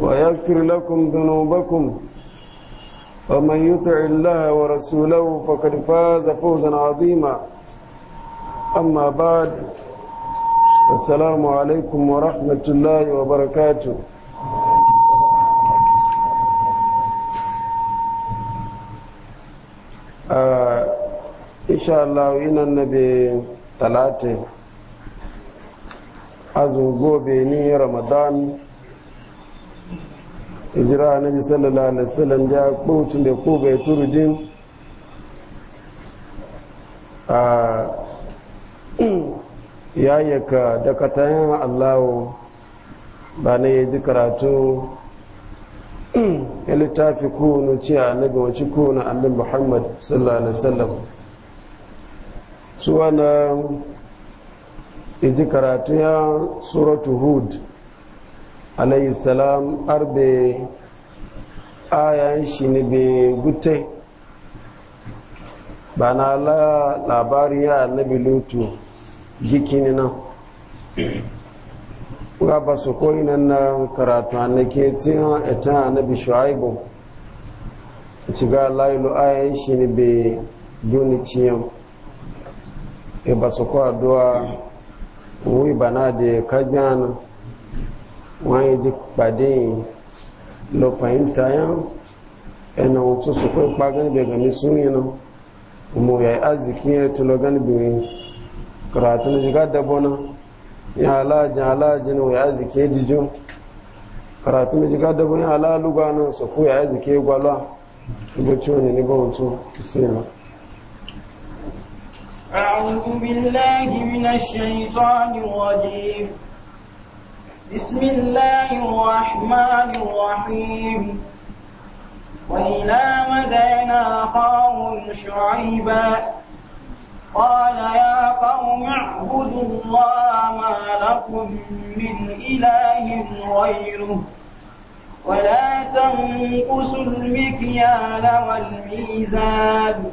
ويغفر لكم ذنوبكم ومن يطع الله ورسوله فقد فاز فوزا عظيما أما بعد السلام عليكم ورحمة الله وبركاته آه إن شاء الله إن النبي ثلاثة أزوجو بيني رمضان na annabi sallallahu na wasallam ya kpaucin da ko bai jin a yayyaka da allahu ba na ya ji karatu ya littafi kunu ci annabi wace kunu annabi muhammad sallallahu alaihi wasallam su na ya ji karatu ya suratu hud alayhi salam arbe ayan shi ne be gute ba na la labari ya annabi lutu gikini nan ga ba su koyi nan na karatu annake tiyan etan annabi shu'aibu ci ga layilu ayan shi ne be duni ciyan e ba su kowa duwa wuyi bana da wọ́n yẹ pàdé yìí lọ fàyín tayá ẹ̀nà ohun tó sọ pé pa gánibẹ̀ gàmí sún yìí nà ọmọ ìyá azìkí ẹ̀ tó lọ gánibìnrin kàràtún ní ṣíká dẹ́bọ́ náà yà aláàjẹ aláàjẹ ní ìyá azìkí ẹ̀ jíjọ́ kàràtún ní ṣíká dẹ́bọ́ yà aláàlúgbà náà sọ pé ìyá azìkí ẹ̀ ibi tí ní أعوذ بالله من الشيطان الرجيم بسم الله الرحمن الرحيم وإلى مدينا أخاهم شعيبا قال يا قوم اعبدوا الله ما لكم من إله غيره ولا تنقصوا المكيال والميزان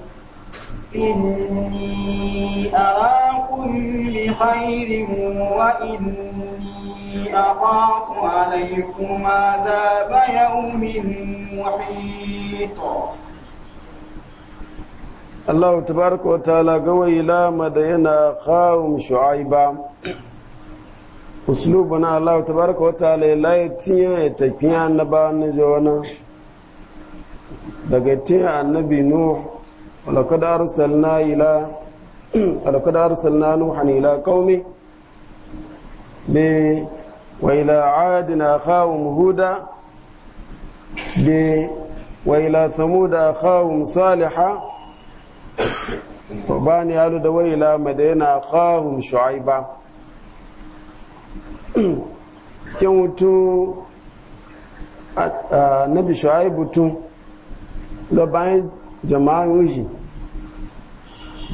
إني أراكم بخير وإني إني أخاف عليكم عذاب يوم محيط Allah tabaraka wa ta'ala gawai la madayana khawum shu'aiba uslubuna Allah tabaraka wa ta'ala la yatiya annaba na jona daga tiya annabi nuh laqad arsalna ila laqad arsalna nuhan ila qaumi bi وإلى عاد أخاهم هودا وإلى ثمود أخاهم صالحا وباني يالو دا وإلى مدين أخاهم شعيبا كيوتو نبي شعيب تو لو باين جماعة وجي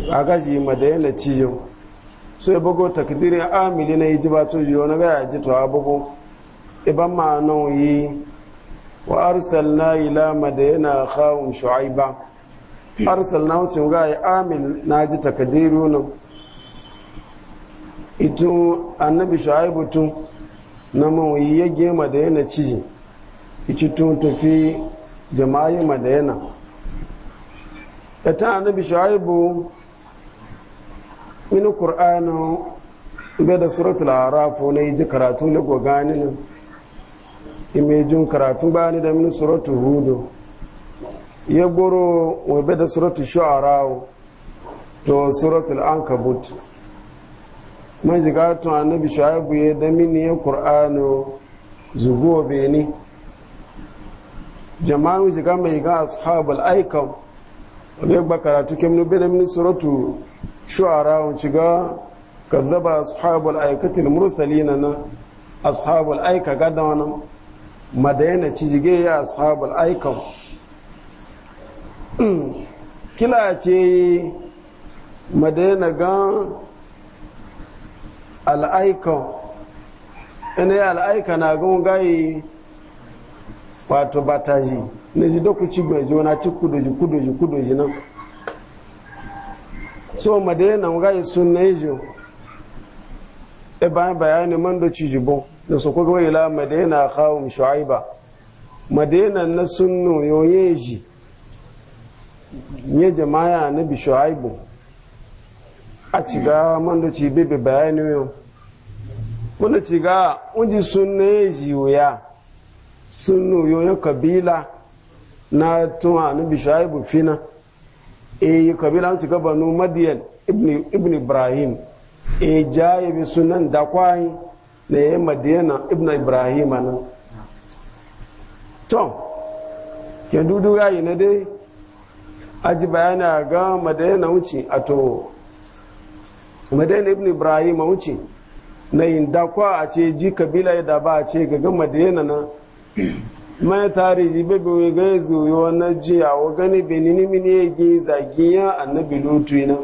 أغازي مدين تشيو so ya bugo takdiri amili na yiji ba to yo na ga ya ji to bugo iban ma nan yi wa arsalna ila madayna khawun shu'aiba arsalna wucin ga ya amil na ji takdiri nan ito annabi shu'aibu tun na man yi ya ge madayna ciji ici tun tafi jama'i madayna ta annabi shu'aibu mini ƙur'ani bai da suratul araf na yi karatu na go gani karatu ba ni da mini suratul hudu ya goro bai da suratul shu'ara to suratul ankabut man shiga tun annabi shu'aibu ya da mini ya ƙur'ani zugo be ni jama'u shiga mai gan ashabul aikam ya gba karatu kemno bai da mini suratul shu'ara wa shiga kazzaba ashabul aikatil mursalina na ashabul aika gada wani madayana cijige ya ashabul aika kila ce madayana gan al'aika ina yi al'aika na gan gayi wato bataji na ji dokuci gbaji wana ci kudoji kudoji kudoji nan so madina nga yi na ijo e bayan bayani man da jibo da su kuka wai la madina khawum shu'aiba madina na sunnu yoye ji nye jama'a na bi shu'aibu a ciga man da ci bebe bayani yau wanda ciga unji sunna ji ya sunnu yoye kabila na tuwa na bi shu'aibu fina Ee, e kabilan su banu madiyan ibn ibrahim e jaye bi sunan da kwai na ya madiyana ibn ibrahim nan tom ke dudu yayi na dai aji bayani a ga madiyana wuce a to madiyana ibn ibrahim wuce na yin da dakwa a ce ji kabila ya da ba a ce ga madiyana na mai tarihi bebe wai ga yanzu yi wani jiya wa gani benin mini ya gi ya annabi lutu ina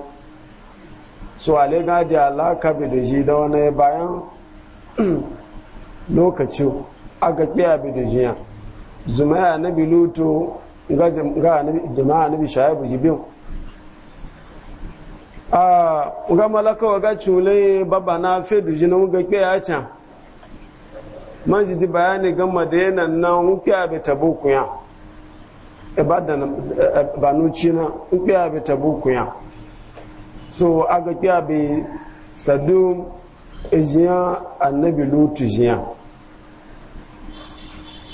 Su ale gaji alaka bi da shi da wani bayan lokaci aka kiya bi da zuma ya annabi lutu ga jama'a annabi shaibu biyu a ah, ga malaka wa ga cule babana fedu jina ga kiya can man jiji bayani gama da yana nan wukiya bai tabo kuya ibadan e banuci na wukiya e, e, bai tabo kuya so aga kiya bai sadu ijiya annabi lutu jiya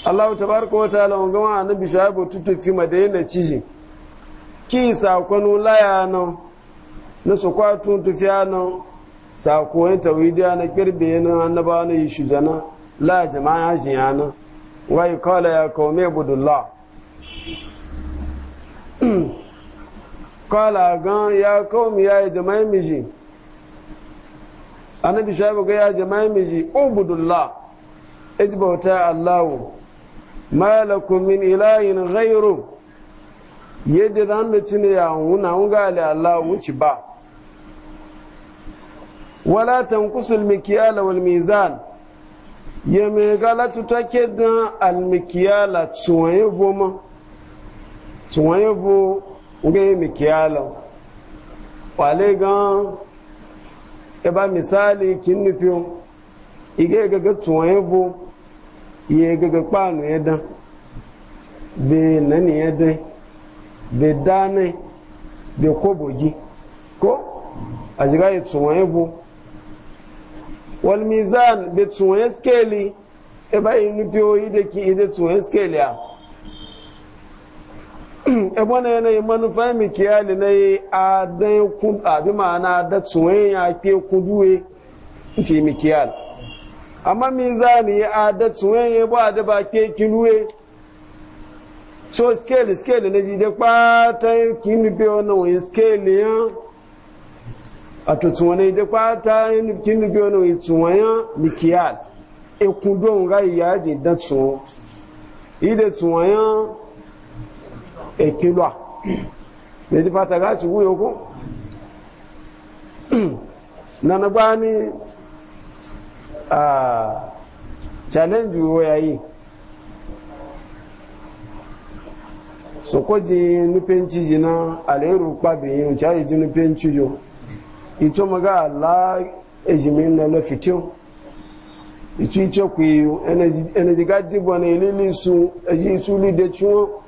Allah tabaraka wa ta'ala wa gama annabi shaibu tutufi madayna ciji ki sakonu laya nan na su kwatun tufiya nan sakoyin tawhidiya na kirbe na annabawa na yi shujana la jama'a wá wa qala ya ìbùdó lọ qala gan ya omi ya jama'a miji annabi shaibu ga ya jama'a miji ubudullah ijbauta allah ma lakum min ilahin ghayru yadda zan da cin ya wuna wunga allah wuci ba wala tankusul mikyala wal mizan yame gala tuta ke dan almikiyala tsuwaye vo ma tsuwaye vo nga ye mikiyala wale gan eba misali kin nufi ige gaga tsuwaye vo ye gaga kpanu ya dan be nani ya dan be dane be kobogi ko a jiga ye tsuwaye vo wal mizan be tsoye skeli e ba inu e piyoyi da ki ide tsoye skeli e e a e bana yanayi manufa mi kiyali na yi a dan kun abi ma'ana da tsoye ya ke kuduwe ce mi a so skeli skeli na ji da kwata kini na wani skeli yan ato tsuwana ide kwata kinu gyono itsuwaya mikiyal ekundon ga yaje da tsuwa ide tsuwaya ekilwa ne ti fata ga ci wuyo ko na na gbani a challenge wo yayi sokoji nupenci jina alairu kwabe yin challenge nupenci yo ito maga la ejimin na lofitin ito ito ku energy ga digbo na ilili su eji itu lide ciwo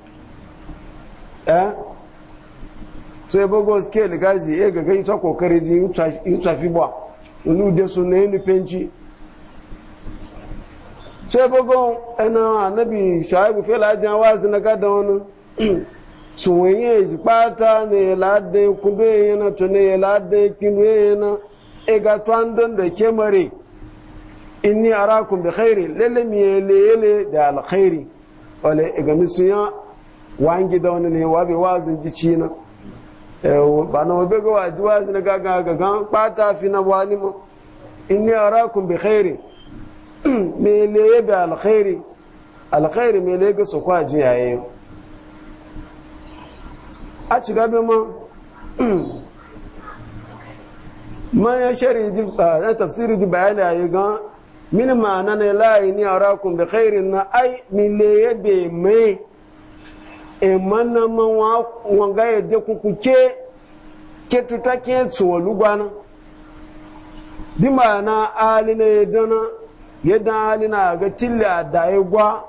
eh so ebe go scale gazi e gaga ito kokari ji yutafi ba olude su na enu penji so ebe go ana anabi shaibu fela ajiyar wazi na gada wani suwenye jipata ne lade kube yana tune lade kinu yana e ga twandon da kemare inni arakum bi khairi lalle mi yele yele da alkhairi Wale e ga misuya wangi da wani ne wabe wazin jici na ba na wabe ga waji wazin ga gaga ga ga pata fi na wani mu inni arakum bi khairi me yele da alkhairi alkhairi me yele ga su kwaji yayin a ci gabe ma man ya shari ji na tafsiri ji bayani a yi gan min ma'ana ne layi ni a rakun da khairi na ai min le ya be mai e mana ma ga ya de kuku ke ke tuta ke tsuwa lugwana bi ma'ana ali na ya dana ya dana ali na ga tilla da ya gwa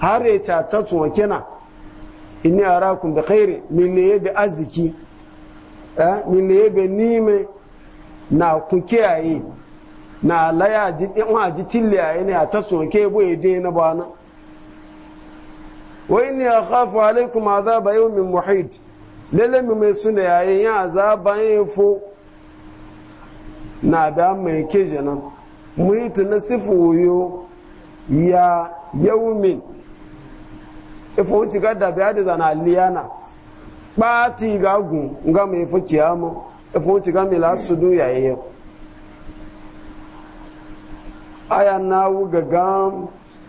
har ya ta tsuwa kenan inni arakum bi khairi min ne yabe arziki eh min ne nime na kun kiyaye na laya ji in a ji tilliya ne a taso ke bo yaje na bana wa inni akhafu alaikum azaba yawmin muhit lalle mi mai suna yayin ya azaba yin fo na da mai keje nan muhit na sifu yo ya yawmin efo wuce ga da biya da zana aliyana ɓati ga gun nga mai efo kiyama efo wuce ga mai lasu dun yayi yau aya na wuga ga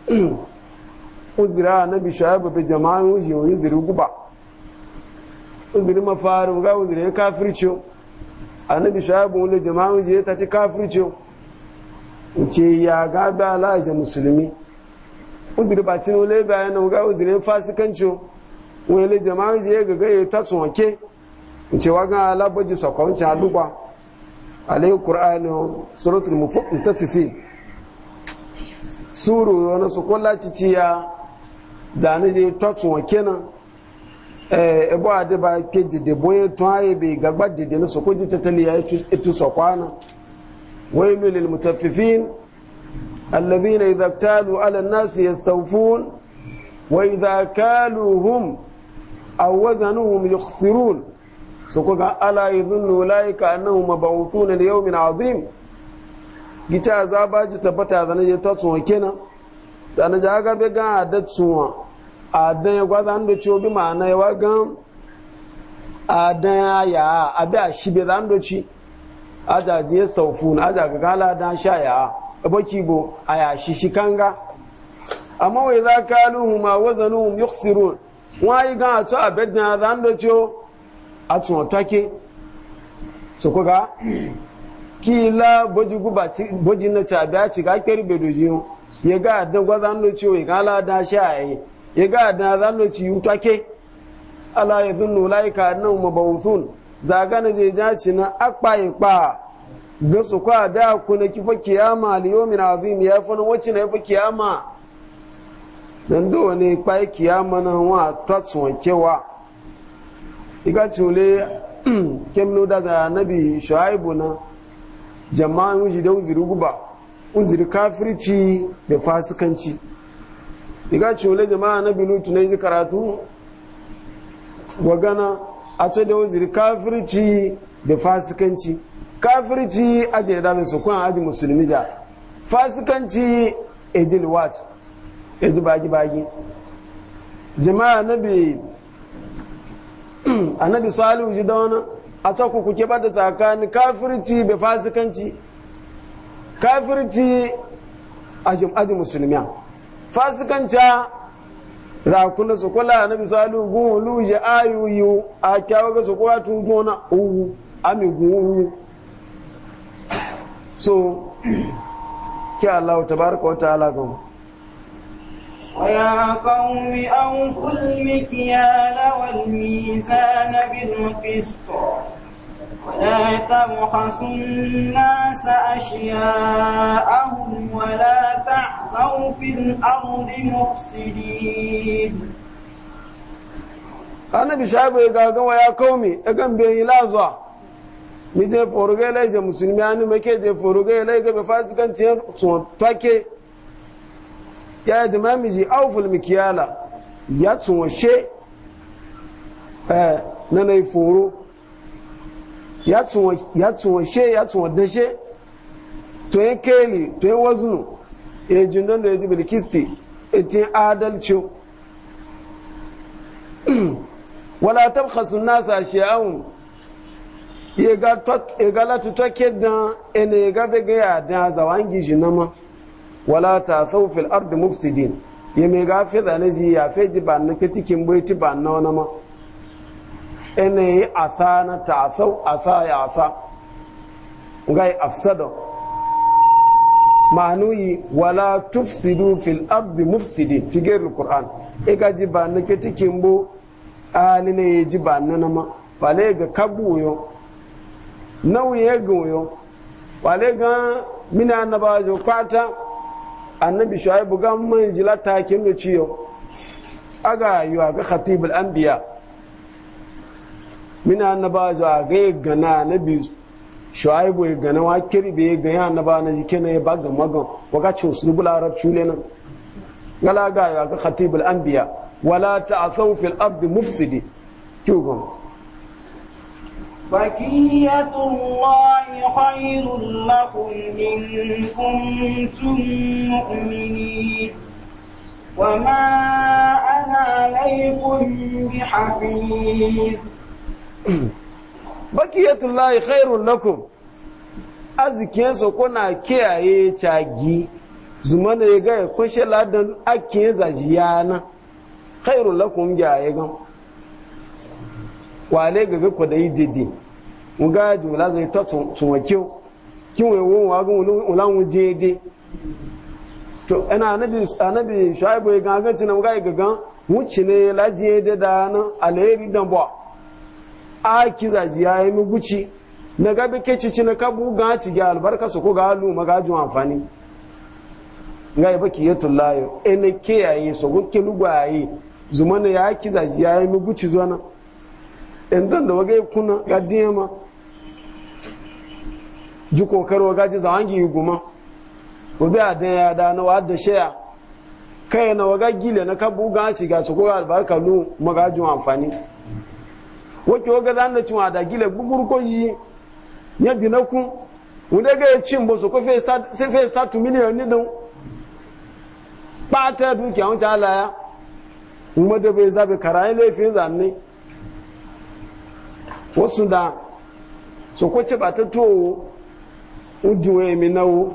uzira na bishaya babe jama'a wuce wani ziri guba uziri mafari ga uziri ya kafirci annabi shaibu wani jama'a wuce ta ci kafirci ce ya gaba alashe musulmi uzuri bacin wule anyị na wuga uzuri fasikancin wele jama'a je ga gaye ta tsoke cewa ga labaji sakwanci adụgba alayhi qur'ani suratul mutaffifin suru wani su kola ciciya zane je ta tsoke nan eh ebo ade ke dede boye to aye be gagba dede na sokoji tatali ya etu sọkwa sokwana waylul lil mutaffifin الذين إذا اكتالوا على الناس يستوفون وإذا كالوهم أو وزنوهم يخسرون سكوكا ألا يظن أولئك أنهم مبعوثون ليوم عظيم gita azaba ji tabbata zane je ta tsuwa kenan zane ji aga be gan adad tsuwa adan ya gwa zane doci obi ma'ana ya wa gan adan ya abi a shibe zane doci ajaji ya stawfun ajaga gala dan sha ya baki bo aya kanga. amma wai za ma kaluhuma wazanuhum yukhsirun wai ga a to abedna zan do cho a to take so ko ga kila boji guba boji na ta ba ci ga keri bedo ji ye ga da gwazan do cho ye ga la da sha ye ye ga da zan do ci utake ala yadhunnu laika annahum mabawthun zagana zai jaci na akpa ikpa ga su kwa da ku na kifa kiyama aliyomin azim ya fi wacce na yafi kiyama dan do ne pai kiyama na wa tatsuwa kewa iga cule kemno da da nabi shuaibu na jama'an wuji da uziri guba uziri kafirci da fasikanci iga cule jama'a nabi lutu na yi karatu wa gana a ce da uziri kafirci da fasikanci kafirci aje da min su kun aji musulmi ja fasikanci ejil wat eji bagi bagi jama'a nabi annabi salihu ji da wani a ku kuke bada tsakanin kafirci be fasikanci kafirci aji musulmiya fasikanci rakuna su kula na misali gun luje ayuyu a kyawaga su kwatu gona uwu amigun gun uwu so ki Allah tabaaraka wa ta'ala go ya qaumi aw kul mikyala wal mizan bil qist wala tamhasu an-nas ashya'ahum wala ta'thaw fil ardi mufsidin Annabi shaibu ya ga gawa kaumi ya gambe yi lazuwa mi je foroge lai je musulmi anu me ke je foroge lai ga be fasikan tiyan so take ya je ma mi ji awful mikiyala ya tsoshe she eh na yi foro ya tun ya tun she ya tun da she to yin keli to yin wazunu ya e jindon da ya ji bilkisti etin adalci wala tabkhasu nasa shay'an ga lati take dan ene ga bege ya dan na ma wala ta sau fil ardi mufsidin ya me ga fi da zi ya fi ji ba na tikin bai ti ban na wana ma ene yi asa na ta sau asa ya asa yi afsado yi wala tufsidu fil ardi mufsidin fi ghairi qur'an e ga ji ban na tikin bo a ne ne ji ba na ma bale ga yau ya goyo wale gan mina ba jo kwata annabi shuaibu gan man jila takin do ciyo aga yu aga khatibul anbiya mina ba jo aga gana annabi shuaibu ya gana wa kirbe ga ya annaba na jike ne ba ga magan waga ci usulul arabci ne nan gala ga yu aga khatibul anbiya wala ta'thaw fil ardi mufsidi kyugo بقية الله خير لكم إن كنتم مؤمنين وما أنا عليكم بحفيظ بقية الله خير لكم azikinsu kuna kiyaye cagi zuma ne ga kushe ladan akin zaji yana khairun lakum ga ya gan kwale gaga ko da yi didi mu ga ji mula zai ta tsuwa kyau kin wai wa to ana anabi anabi shaibu ya cin ga gaga mu cine la je da nan alheri dan a kiza ji na ga be keci cin ka bu ga ci ga albarka su ko ga lu ma ga ji amfani layo ene ke so ke zumana ɗan da waga kuna ga diyama ji kokar waga ji zawangi yi guma gobe a dan yada da na da shaya kai na waga gile na kabu ga ci ga su kowa albarka lu magajin amfani wake waga zan da cin da gile gugur ko yi ya bi na kun wanda ga ya cin bosu ko sai fe satu miliyan ni don ɓata dukiya wancan alaya kuma da bai zabe karayen laifin zanne wasu da so ko ba ta to ujuwe mi nawo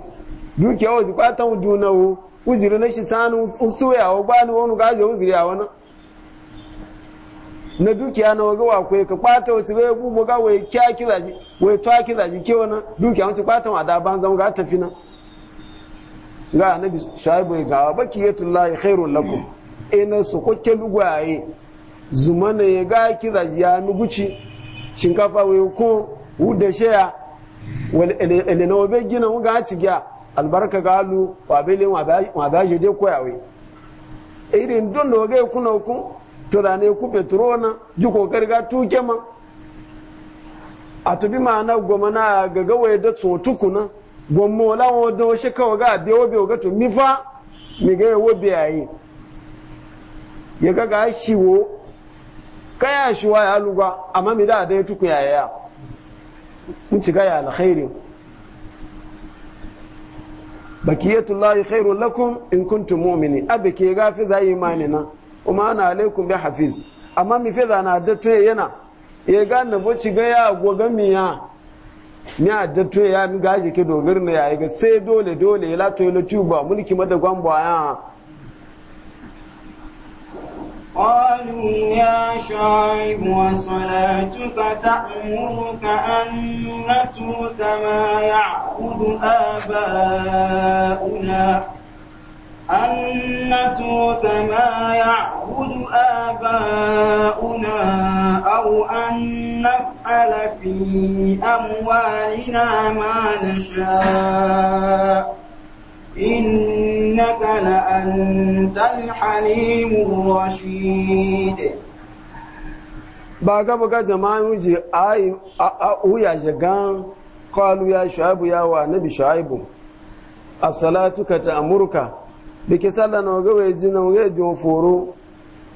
dukiya wasu kwatan uju nawo uziri na shi sanu usuya wa ba wani gaje uziri a wani na dukiya na wa kwe ka kwata wasu bai gugu ga wai kya kizaji wai ke wani dukiya wasu kwatan da ban zama ga tafi na ga annabi shaibu e ga bakiyatullahi khairul lakum ina su kwakke lugwaye ya mi guci shinkafa wai ko wu da shaya wale na wabe gina wuga ga ci gya albarka galu wabe le wa dai koya e irin don da wage kuna ku to da ne ku petrona ji kokari ga tuke ma a tubi na goma na gaga wai da tsotuku na goma wala wadda wasu kawai ga abe wabe wa to mifa mi ga yawo yi ya ga ga kaya shi wa ya luga amma mi da da ya tuku yaya mun ci ga ya alkhairi bakiyatullahi khairul lakum in kuntum mu'mini abike gafi za imani na kuma ana alaikum bi hafiz amma mi fe da na da to yana ya ga na bo ci ga ya goga miya ni a da to ya mi gaji ke na ga sai dole dole ya to ya tuba mulki madagwan ba ya قالوا يا شعيب وصلاتك تأمرك أن نترك ما يعبد آباؤنا أن نترك ما يعبد آباؤنا أو أن نفعل في أموالنا ما نشاء إنك لأنت الحليم الرشيد baga baga jama'in ji ai a uya shigan qalu ya shu'aibu ya wa nabi shu'aibu as-salatuka ta'muruka dake sallah na ga waje na waje jo foro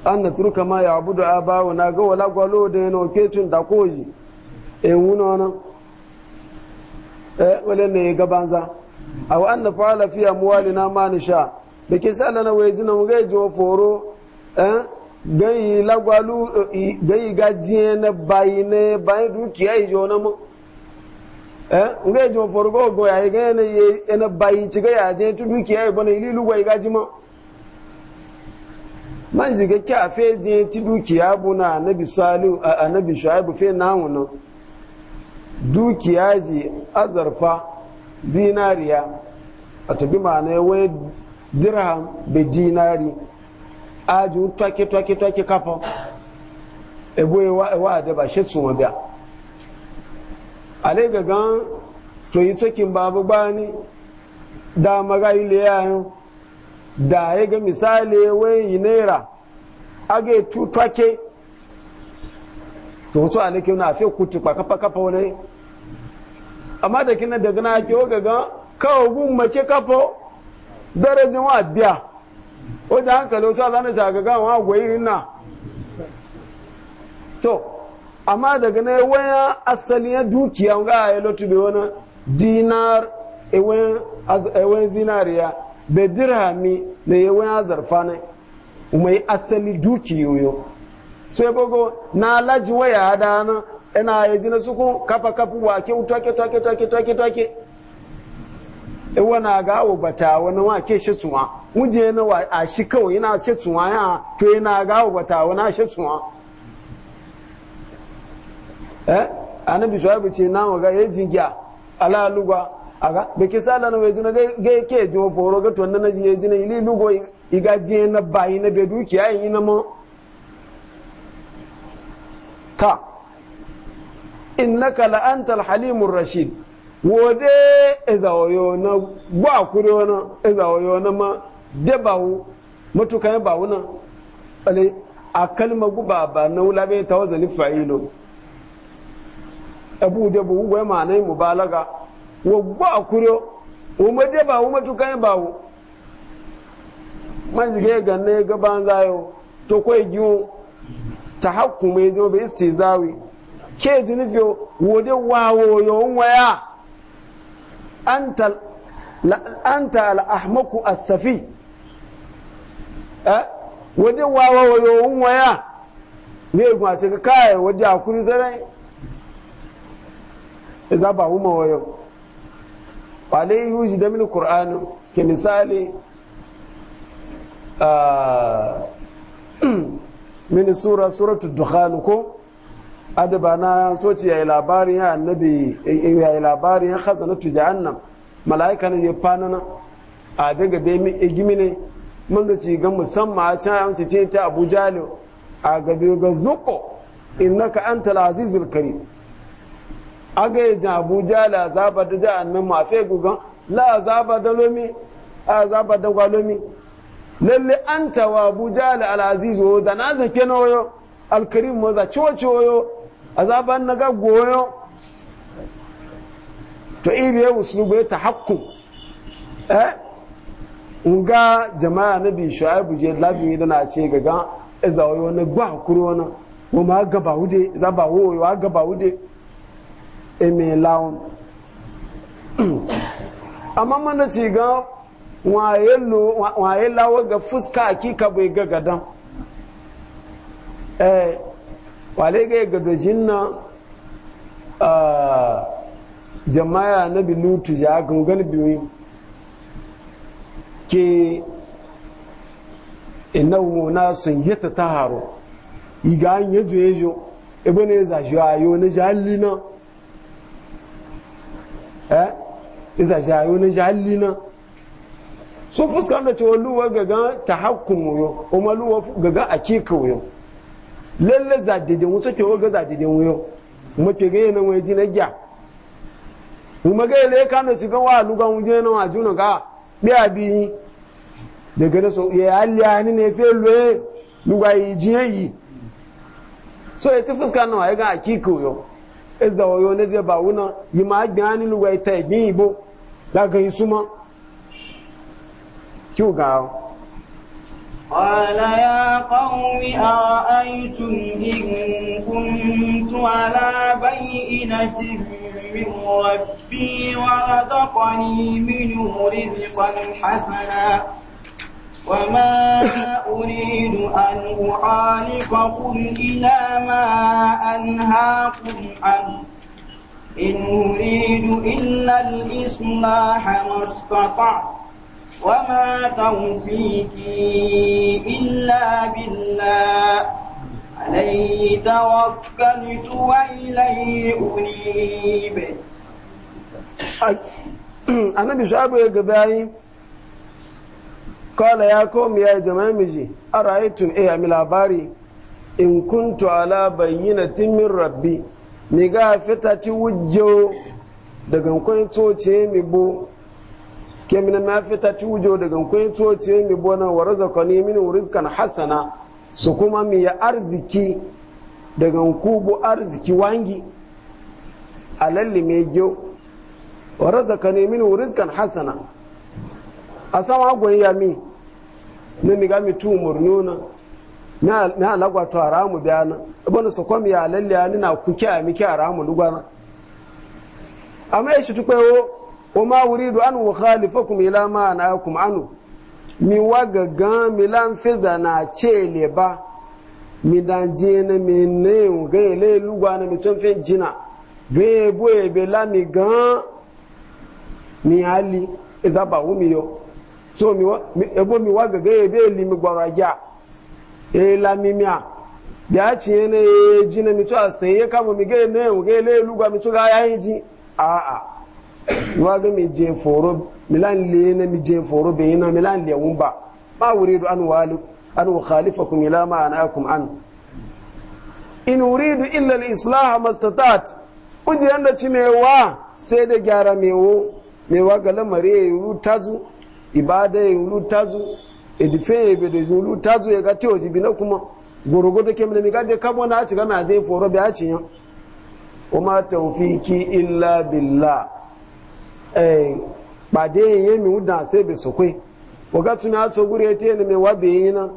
an na turka ma ya abudu abawo na ga wala gwalo da yana ke tun da koji e wuno nan eh wala ne ga banza aw an nafala fi amwalina ma nisha be ke sala na weji na muga jo foro eh gayi lagwalu gayi gajiye na bayine bayin dukiya ijo na mu eh muga jo foro go go ya ga ne ye na bayi ci ga ya je tu dukiya ibo na ililu go gaji mo man ziga kya fe je ti dukiya bu na annabi salihu anabi shuaibu fe na wono dukiya ji azarfa zinariya a tabi ma'ana ya wai dirham da dinari aji twake twake twake kafa ebo e wa e da ba shi tsuwa biya ale ga to yi tsakin babu gbani da magayi le yayin da ya ga misali wai yi naira aga etu tutwake to ale alaƙi na fi kutu kwakafakafa wani amma da kina daga na ke oga ga kawo gun mace kafo darajin wa biya wajen hankali wata zane ga wa gwai na to amma daga na waya asali ya dukiya ga ya lotu bai wani dinar ewen zinariya bai dirhami na ya waya zarfa ne umai asali dukiyoyo sai bago na alaji waya dana ina ya na suku kafa kafu wake utake take take take take e wana ga bata wani wa ke shi tsuwa muje na wa a shi kawai yana shi tsuwa ya to yana ga o bata wani shi tsuwa eh annabi shuaibu ce na wa ga ya jingiya ala lugwa aga be ke sala na wejina ga ke jo foro ga tonna na je jina ili lugo iga je na bayi na be dukiya yin na mo ta innaka la antal halimur rashid wode ezawoyo na gwa kuri na ezawoyo na ma de bawo matukan bawo na ale a kalma guba ba na wula bai ta wazani fa'ilo abu de bu gwa ma nai mubalaga wo gwa kuri wo ma de bawo matukan bawo ga ne gaban zayo to koi giwo ta hakku mai jobe istizawi ke zunubi wode wawo yawon waya anta al'ahmaku asafi eh? wode wawo yawon waya ne kuma ce ka kaya wode a kuri sarai za ba huma wayo ba dai yuji da mini kur'anu ke misali ah, mini sura suratul dukhan ko adaba na soci yayi labarin ya annabi yayi labarin ya tu jahannam malaika ne ya fanana a daga be mi e ne mun ga ci ga musamman a can amci ce ta Abu Jahl a gabe ga zuqo innaka antal azizul karim aga ya jan Abu Jahl azaba da jahannam ma fe gugan la azaba da lomi azaba da gwalomi lalle anta wa Abu Jahl al aziz wa zanaza kenayo al karim maza ciwo ciwo azaban na ga goyo to ibe ya usulubu ta hakku eh nga jama'a na bi shu'aibu je labi da na ce gaga ezawo eh, wani ba hakuru wani ko ma gaba wude za ba wo yo gaba wude e me lawon amma mana ci ga waye lo waye ga fuska akika bai ga gadan eh wale ga ga dojin nan a jama'a na bilutu ja gangan biyu ke ina na sun yi ta haro iga an yajo yajo ebe ne zashi ayo na jali na eh zashi ayo na jali na so fuskar da cewa luwa gaga ta hakkumu yo kuma luwa gaga akika yo lalle za dede wuce ke oga za dede wuyo kuma ke ga yana waje na gya kuma ga ile ka na ci ga wa lugan wuje na wa juna ga bi abi daga na so ya ali ni ne fe lue luga yi jiye yi so eti ti fuska na wa e ga akiko yo e za oyo ne de ba na yi ma agbe gba ni luga ita igbin e ibo la ga yi suma ki ga o قال يا قوم أرأيتم إن كنت على بينة من ربي ورزقني منه رزقا حسنا وما أريد أن أخالفكم إلى ما أنهاكم عنه إن أريد إلا الإصلاح ما استطعت وما توفيقي إلا بالله عليه توكلت وإليه أنيب annabi shu'abu ya gabayi kala ya komi ya jama'a miji a ra'aytun eh mi labari in kuntu ala timin min rabbi mi ga fita ci wujjo daga kwanto ce mi bo kemina ma fita ci wujo daga kun toci yin mi bona wa razaqani min rizqan hasana su kuma mi ya arziki daga kubu arziki wangi alalli me jo wa razaqani min rizqan hasana asama gon ya mi ne mi ga mi tu murnuna na na lagwa to haramu biyana bona su kuma ya alalli ani na kuke a mi ke haramu lugana amma ya shi tukwewo وما أريد أن أخالفكم إلى ما أنهاكم عنه mi wa gangan mi lan fiza na ce le ba mi dan je na mi ne ga le lugwa na mi tun fe jina ga bo e be la mi gan mi ali e za ba mi yo so mi wa e bo mi wa gaga e be li mi gwaraja e la mi mi a bi a ci ne ya kama mi ga ne ga le lugwa mi to a a waga mi je foro milan le na mi je foro be na milan le wumba ba uridu an walu an khalifakum ila ma anakum an in uridu illa al islah mastata'at uje anda wa sai da gyara mewo mewa ga lamari ya e yi tazu ibada ya e yi tazu edife ya e bede zulu tazu ya ga tewa jibina kuma gorogodo ke mina miga de kabo na ci ga na je foro be a ciyan wa ma tawfiki illa billah pàdé èyí mi ó dàn sí ìbèsòkwé wọ́gátún ní àtọ́gúrí etí ẹni mi na èyí náà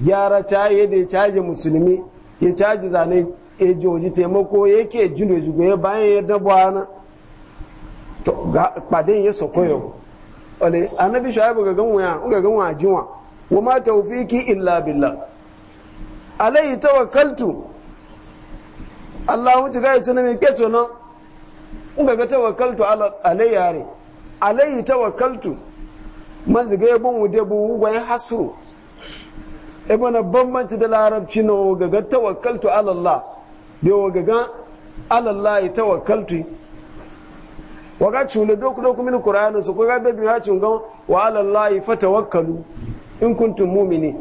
gyara caye da ya caje musulmi ya caje zane ya joji taimako ya ke jin da jugo bayan ya dabuwa na to ga kpadin ya soko yau ole annabi shuaibu ga gan waya ga gan wa jinwa wa ma tawfiki illa billah alayhi tawakkaltu allah wuce ga yace ne me keto nan in ga tawakkaltu ala alayya ta tawakkaltu man ziga yabon wude bu wugwayin hasru ebe na bambanci da larabci na wagaga tawakkaltu ala Allah da wagaga ala Allah ya tawakkaltu waga cule doku doku min qur'ani su kuga bebi cin gan wa ala Allah fa tawakkalu in kuntum mu'mini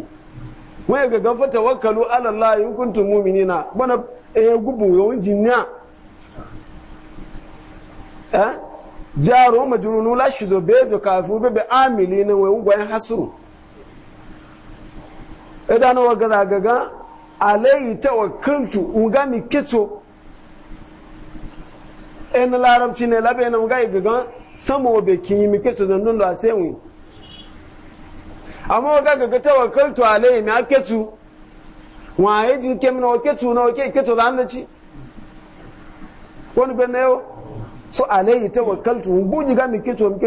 Wani ga ga fa tawakkalu ala Allah in kuntum mu'minina bana e gubu yawon jinna Eh? jaro majununu la shizo bezo kafu be amili na wai gwan hasuru idan wa gaza gaga alayhi tawakkaltu uga mi keto en larabci ne labe na unga gaga samo be kin mi keto dan dun da sai wi amma ga gaga tawakkaltu alayhi mi aketu wa yaji kemna waketu na wake keto dan ci wani beneo so alayhi tawakkaltu buji ga mi kicho mi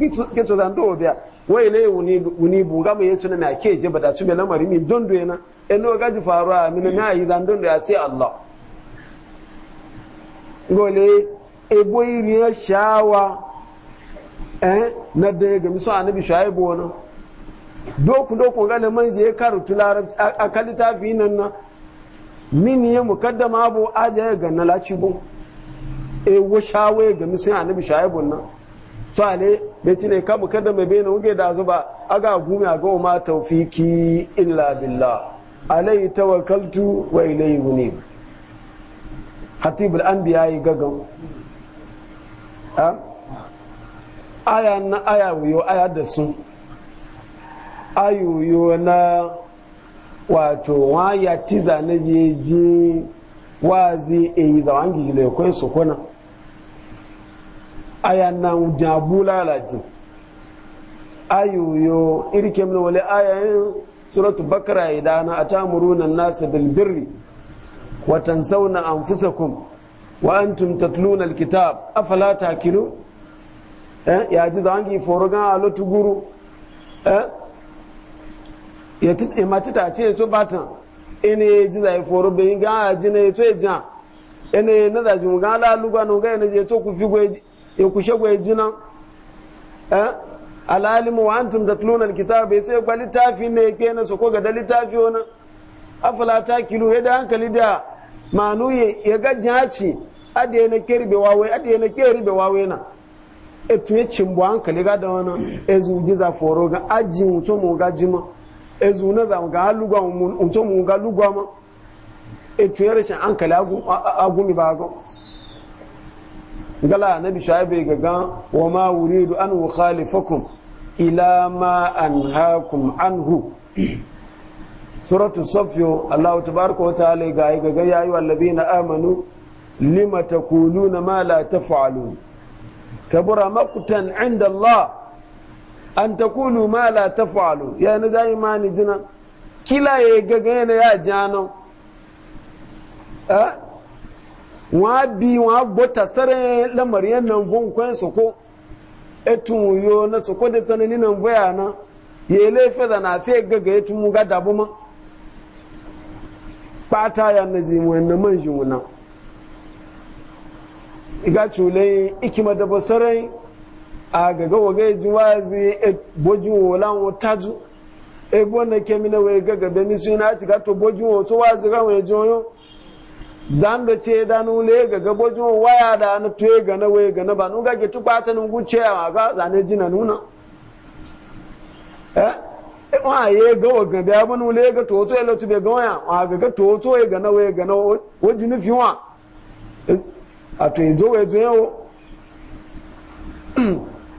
kicho kicho zan do biya wa ilayhi wuni wuni bu ga mi na ke je bada tube lamari mi dondo yana eno gaji ji faruwa mi na yi zan dondo ya sai Allah gole ebo ya shawa eh na da gami mi so annabi shaibu wona doku doku ga na manje karutu larabci akali fi nan na min ya mukaddama abu aje ga na lacibo ewo shawe ga misun annabi shaibun nan to ale beti ne kabu kada mai bai wuge da zuba aga gumi aga ma tawfiki illa billah alayhi tawakkaltu wa ilayhi unib hatibul anbiya yi gagan aya na aya wuyo aya da sun ayoyo na wato waya tiza na jeji wazi eyi zawangi ne kwai su kuna aya na wujan bulalaji ayoyo ke mun wale ayayin suratu bakara idana atamuruna nasa bil watan wa an anfusakum wa antum tatluna al kitab afala takilu eh ya ji zangi forogan alotu guru eh ya ti e matita ce to batan ene ji zai foro be ga ji ne to ejan ene na da ju ga la ga no ga ne je to ku figo ya kushe gwai jinan alalimu wa antum da tulunan kitabu ya ce kwa littafi ne ya kena su ko ga da littafi wani afala ta kilo ya da hankali da manu ya ga jaci ya na wawai wawe ya na kerbe wawe na e cin cimbo hankali ga da wani ezu za foro ga aji mutum mu ga jima ezu na za ga lugwa mutum mu ga lugwa ma etu ya rashin hankali agumi ba ga gala nabi shaibe gaga wa ma wuridu an ukhalifakum ila ma anhaakum anhu suratu safyo allah tabaraka wa ta'ala ga gaga ya ayu na amanu lima taquluna ma la taf'alun kabura maqtan 'inda allah an taqulu ma la taf'alun ya na zai mani jina kila ya gaga yana ya jano ah, wa bi wa gbota sare lamarin nan gon ẹ̀ soko etun yo na soko da tsanani nan boya na ye le feda na fe gaga etun mu ga dabu ma pata ya na zi mu na man jin wannan iga chule ikima a gaga waga jiwazi e gaga ga to boju zando ce da nule ga gabojin waya da na tuye ga na waya ga na ba nuga ke tukpa ta nungu ce a ga zane jina nuna eh? eh wa ye ga wa ga biya mun nule ga to to lotu be ga waya wa ga ga to to ga na waya ga na wo jini fi wa eh, a to zo waye zo yo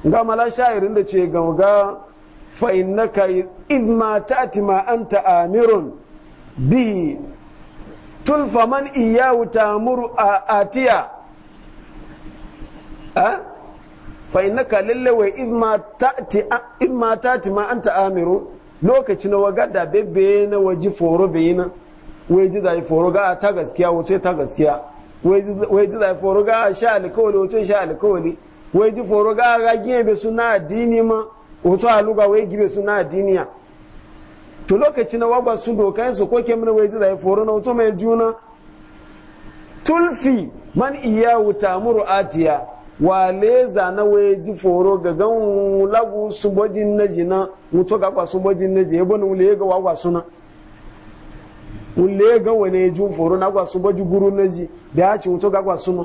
ga mala shairin da ce ga ga fa innaka idma ma ta'ti ma anta amirun bihi tun faman iyawu tamuru a atiya fa innaka lallawa in ma ta ti ma anta amiru lokaci na waga da bebe na waji foro na waji zai foro ga ta gaskiya wace ta gaskiya waji zai foro ga sha alkawali wace sha alkawali waji foro ga ga giye be suna addini ma wato aluga wai gibe suna addiniya to lokaci na wagwa su dokan su ko kemna wai zai foro na wato mai juna tulfi man iya wuta muru atiya wa leza na wai ji foro ga gan lagu su bojin na jina mutu ga kwa su bojin na je bonu le ga wagwa suna ule ga wane ju foro na kwa su boji guru na ji da ya ci mutu ga kwa suna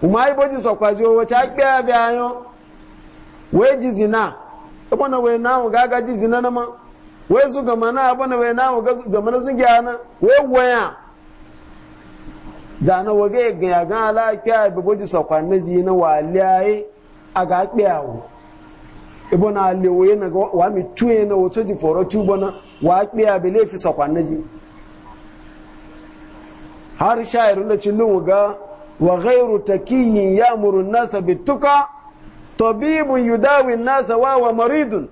kuma ai bojin sa kwaji wace akpe abiyan wai ji zina ko na wai na ga ga ji zina na ma wai su gama na abu na bai na wa gama na sun gyana wai waya zana waga ya gaya gan alaƙiya bi boji sakwan na zina wa aliyaye a ga ɗiyawo ibo na alewo na ga wa mi tuye na wato ji foro tubo na wa ɗiya bi laifi sakwan na ji har sha'irin da cillin ga wa ghairu takiyin ya'muru nasa bituka tabibun yudawi nasa wa wa maridun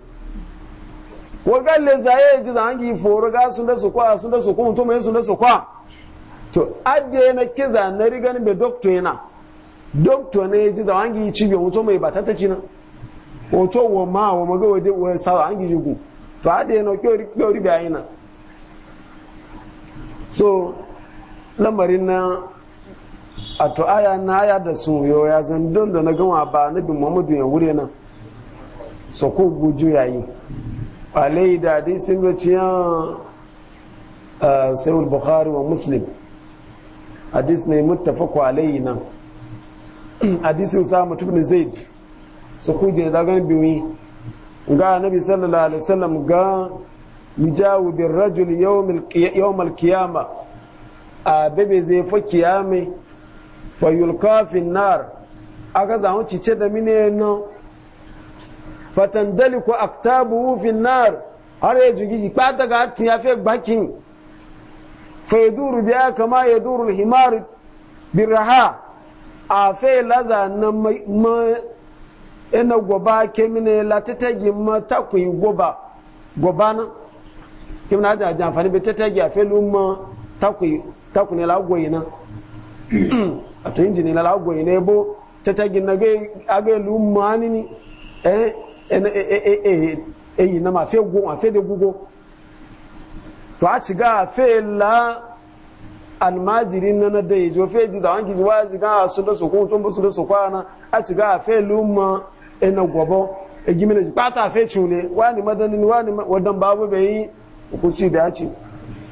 wagalle zaye ji zangi foro ga sun da su kwa sun da su kwa mutum sun da su kwa to adde na kiza na riga ni be doctor yana doctor ne ji zangi ci be mutum mai batata ci na wato wa ma wa maga wa de wa sa angi jugu to adde na kyori kyori be ayina so lamarin na a to aya na aya da sun yo ya zan don da na gama ba bin muhammadu ya wure na so ko guju yayi alai da hadisin da ciyan sayul bukhari wa muslim hadis ne muttafaku alai nan hadisin sa mutum ne zaid su kuje zagan biyu ga annabi sallallahu alaihi wasallam ga yujawu bir rajul yawm al qiyama a bebe zai fa kiyame fayulka fi nar aka zamu ce da mine nan fatandaliku aktabuhu fi nar har ya jugi ba ta ga ya fe bakin fa yaduru biya kama yaduru alhimar biraha a fe laza na ma ina goba kemine latitagi ma takwai goba goba na kemina ajan ajan amfani bai tatagi a fe lumma takwai takwai lagoyi na a to injini lagoyi na yabo tatagi na ga lumma ni eh eyi na ma fe go ma fe de gugo to a ci ga fe la almajiri na na da ijo fe ji zawan ki wa ga su da su ko su da su kwana a ci ga fe ina gobo e, e gimi ne ba fe chune wani madanin wani wadan babu bai yi ku ci da ci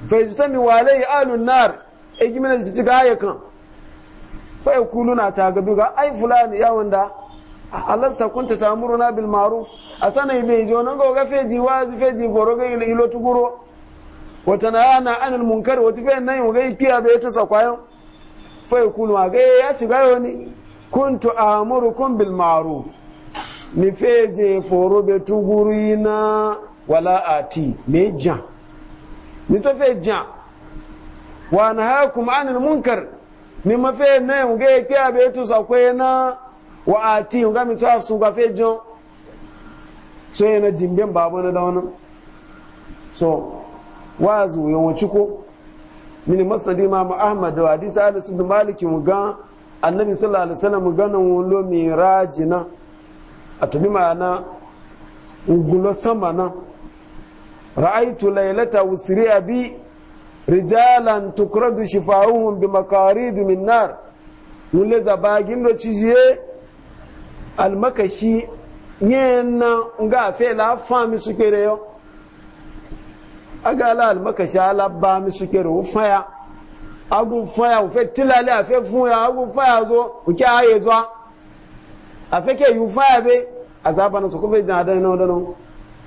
fa yajtami walai alun nar e gimi ne ji ga kan fa yakuluna e ta gabi ga ai fulani ya wanda alasta kunta ta'muruna bil bilmaru. A ibe jo nan ga ga feji wa feji goro ga ilo tuguro wata na yana anil munkar wata fe nan ga kiya tusa kwayo. Fai kunu a ga ya ci gayo ni kuntu amurukum bil ma'ruf mi feje foro be tuguru na wala ati me jan mi to fe jan wa nahakum anil munkar mi mafe nan ga kiya bai tusa kwayo na wa ati nga mi tsawa su gafe jon so yana dimben babu na da wani so wa zu yawan ciko mini masnadi imam ahmad wa hadis anas ibn malik mu ga annabi sallallahu alaihi wasallam ga nan lo mirajina atubi ma'ana ugulo sama na ra'aitu laylata usri abi rijalan tukradu shifa'uhum bi maqarid min nar wule zabagin do cijiye almakashi yana ga fela fami suke da yau agala almakashi alaba mi suke da faya agun faya fe tilale afe fun ya agun faya zo uke aye zuwa afe ke yi faya be azaba na su kuma jan adana na wadana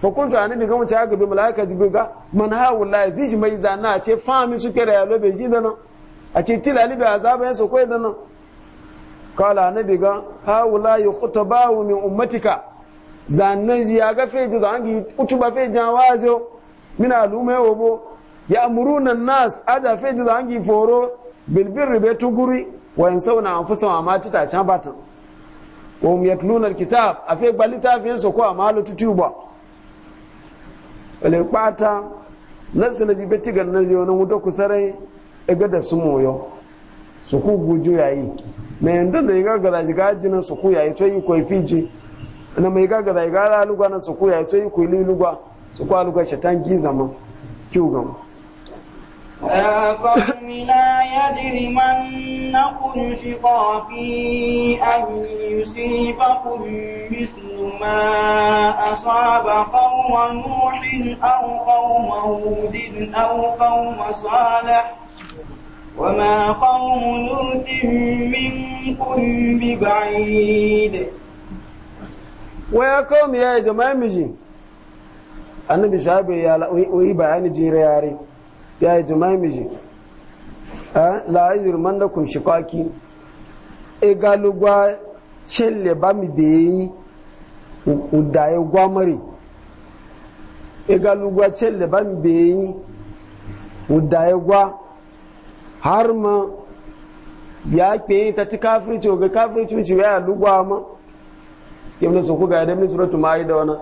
fakultu ani nabi gamu cha gabi mala'ika jibi ga man ha la zai mai zana ce fami suke da lobe bai ji da nan a ce tilale bai azaba yansa kwai da kala nabi ga haula yukhtabahu min ummatika zanen ya ga feji kutu ba feji wazo mina lume obo ya nan nas aja feji zangi foro bilbirri be tuguri wa yansawna anfusahum amma tita can batan wa kita a alkitab gbali ta fi so ko a amalu tutuba wale pata nasu na jibe tigan na yo na mudo kusarai ga da moyo su ku guju yayi mai da da iga gaza jiga jinan su kuya ya tsoyi koi fiji na mai iga gada iga la lugwa na su kuya ya tsoyi koi lugwa su kwa lugwa shaitan giza ma kiu gama يا قوم لا يجرمنكم شقاقي أن يصيبكم مثل ما أصاب قوم نوح أو قوم هود أو قوم صالح وما قوم لوط منكم ببعيد ويقوم يا جماعة مجي annabi shabe ya wai bayani jira yare ya yi jama'i miji la izir man da kun shiqaki e ba mi be yi udaye gwamari e galugwa ba mi gwa har ma ya ke ta ci kafirci ga kafirci wuce ya a ma ibn su ku ga da min suratu da wana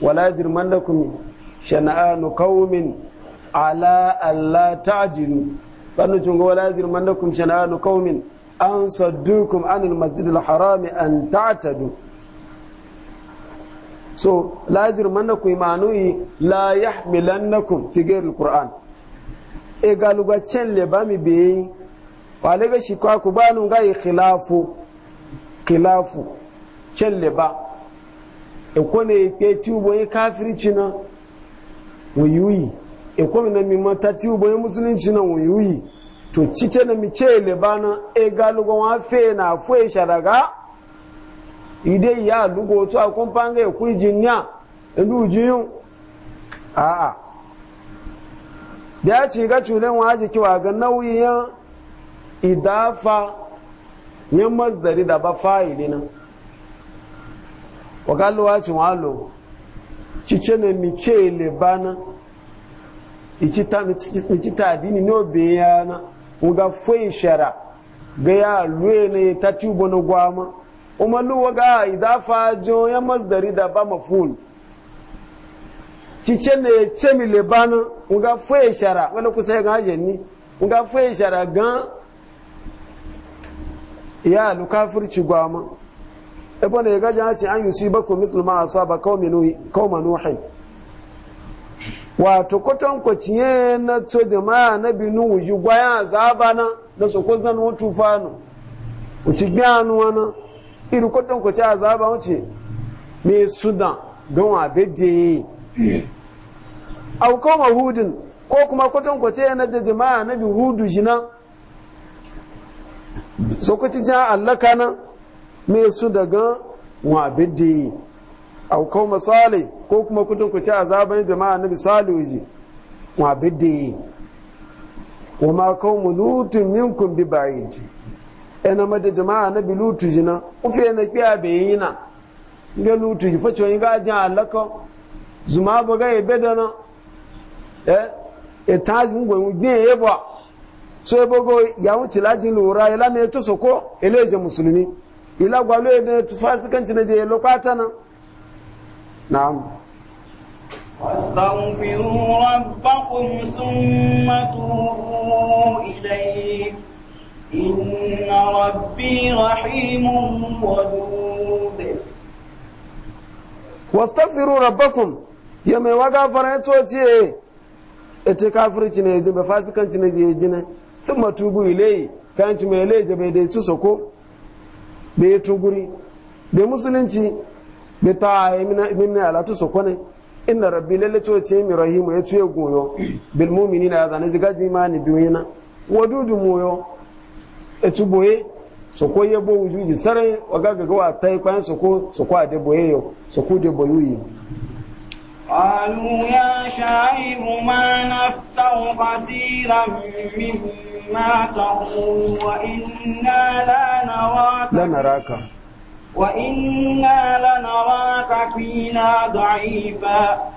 wala jirmandakum shana'anu qaumin ala alla jiru banu tunga wala jirmandakum shana'anu qaumin an saddukum anil al harami an ta'tadu so la jirmandakum imanu la yahmilannakum figar al qur'an e galuga cen le ba mi be wale ga shi kwa ku banu ga yi e khilafu khilafu cen le ba e ko ne pe e tubo yi e kafirci na wuyuyi e ko mi na mi mata tubo yi musulunci na wuyuyi to cice na mi ce le ba na e galuga wa fe na fo e sharaga ide ya lugo to akon pange ku jinya ndu jiyun a'a da ya ci ga culen wa jiki wa ga nauyin idafa ya masdari da ba fa'ili nan wa kallo wa ci walo cice ne mi ce le bana ici ta dini ne obe ya na ga fai shara ga ya lue ne ta tubo na gwama umarlu wa ga idafa jo ya masdari da ba mafulu cice na ya ce mi lebanon nga foye shara wani kusa ya gaje ni nga foye shara gan ya lukafirci gwama ebo na ya gaje ce an yi su yi bakon musulma a saba kauma nuhin wato kwaton kwaciye na to jama'a na binu wuji gwaya zaba na da su ko tufa wato fano wuci gbiyanu wani iri kwaton kwaciye a zaba wuce mai sudan gan wa bejeye aukoma kawma hudin ko kuma kwatankwace yana da jama'a na bi hudu shi nan so kuti jan allaka nan me su daga wa bidde au kawma sale ko kuma kwatankwace azaban jama'a na bi salihu wa bidde wa ma kawo lutun minkum bi ba'id ena mada jama'a na bi lutu jina ufe na kiya bayina ga lutu ji fa cewa ga jan allaka zuma boga ebe dana eh etaz mu gwen gbe eba so ebogo yawo tilaji lura ila e me to soko eleje musulmi ila gwalo ebe to fasikanci na je e e lokata na na'am واستغفروا ربكم ثم توبوا إليه إن ربي رحيم ودود واستغفروا ربكم ya mai waga ya coci ye ita e kafirci ne yaji ba fasikanci ne yaji ne sun matubu ilai kanci mai laije bai dai ci soko bai yi tuguri bai musulunci bai ta yi minna latu soko ne inda rabbi lalle coci mi rahimu ya tuye goyo bil mumini na ya zane zigaji ma ni biyu yana wadudu moyo ya ci boye soko ya bo wujuji sarai waga gagawa ta yi kwayan soko soko a deboye yau soko deboyu yi قالوا يا شاعر ما نفتر كثيرا مما تقول وإنا لا نراك لا نراك وإنا لنراك فينا ضعيفا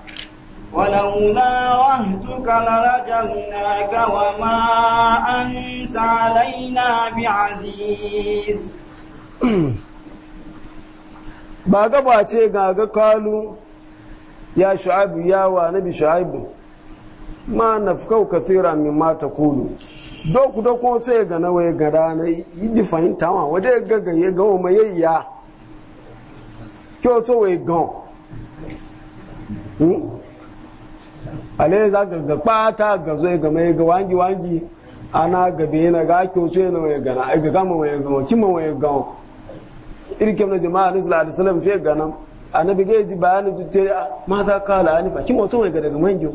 ولولا رهتك لرجمناك وما أنت علينا بعزيز ba gaba ce ga kalu ya shu'aibu ya wa nabi shu'aibu ma nafkau kathira min ma taqulu doku doku sai ga nawaye ga rana yiji fahimta wa waje ga ga ya ga ma yayya kyo to we gan hmm ale za ga ga pata ga zo ga mai ga wangi wangi ana gabe na ga kyo so na waye ga na ga ga ma waye ga kima waye ga irkem na jama'a sallallahu alaihi wasallam fe ga nan annabi ga ji bayani tutte ma za ka la anifa kin wato wai ga daga manjo